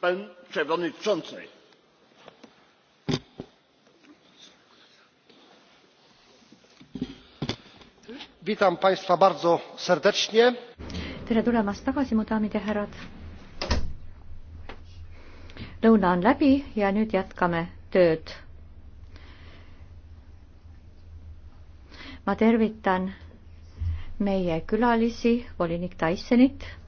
pan przewodniczący! witam państwa bardzo serdecznie. tere tulemast tagasi mu daamid ja härrad. lõuna on läbi ja nüüd jätkame tööd. ma tervitan meie külalisi, volinik Tysonit